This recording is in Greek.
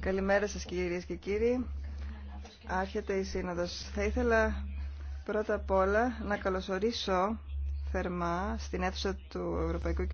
Καλημέρα σας κυρίες και κύριοι. Άρχεται η Σύνοδος. Θα ήθελα πρώτα απ' όλα να καλωσορίσω θερμά στην αίθουσα του Ευρωπαϊκού